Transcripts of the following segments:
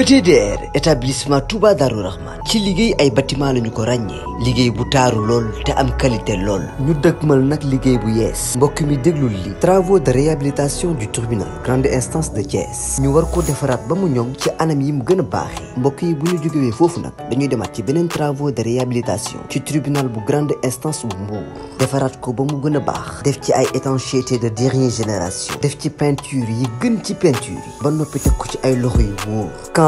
ETDR établissement Touba Darou Rahman ci ay bâtiment ko bu qualité ñu bu mbokk travaux de réhabilitation du tribunal grande instance de Thiès ñu war ko défarat ba mu ñom ci anam yi mu gëna mbokk yi bu ñu dañuy ci travaux de réhabilitation ci tribunal bu grande instance bu Mbour défarat ko ba mu gëna bax de dernière génération def ci peinture yi gën ci peinture yi ba nopi ko ci ay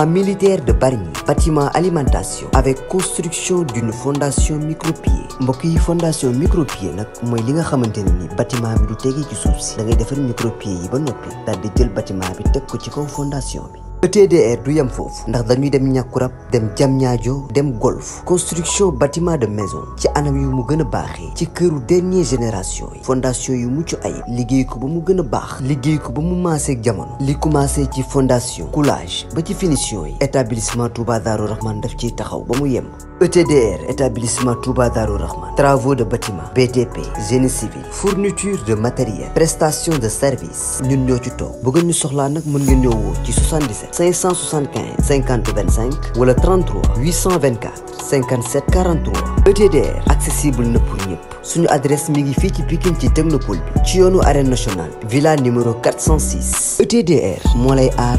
un militaire de Baring, bâtiment alimentation avec construction d'une fondation micropieux mbokk fondation micropieux nag mooy li nga xamante ni bâtiment bi du tege ci suuf si da ngay defar micropieux yi ba noppi daal di jël bâtiment bi teg ko ci kaw fondation bi ETDR du yem foofu ndax dañuy dem ñàkkurab dem jamñaajo dem golf construction batiment de maison ci anam yu mu gën a baaxee ci këru dernier génération yi fondation yu mucc ay liggéey ko ba mu gën a baax liggéey ko ba mu maaseeg jamono li commencé ci fondation coulage ba ci finition yi établissement Touba Darou Rahman daf ciy taxaw ba mu yem ETDR, établissement Touba Darou Rahman, travaux de bâtiment, BTP, génie civil, fourniture de matériel, prestation de services Nous ñoo ci Si vous ngeen ñu soxlaa nag mën ngeen ñoo ci 77 575 50 25 wala 33 824 57 43 ETDR accessible pour ñëpp suñu adresse mi ngi fii ci Pikine ci Technopole bi ci yoonu arène nationale villa numéro 406 ETDR moo art aar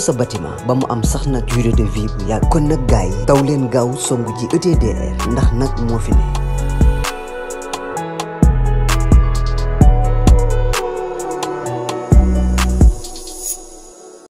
sa bâtiment ba mu am sax durée de vie bu yàgg kon nag gars taw leen gaaw songu ji ETDR ndax nag moo fi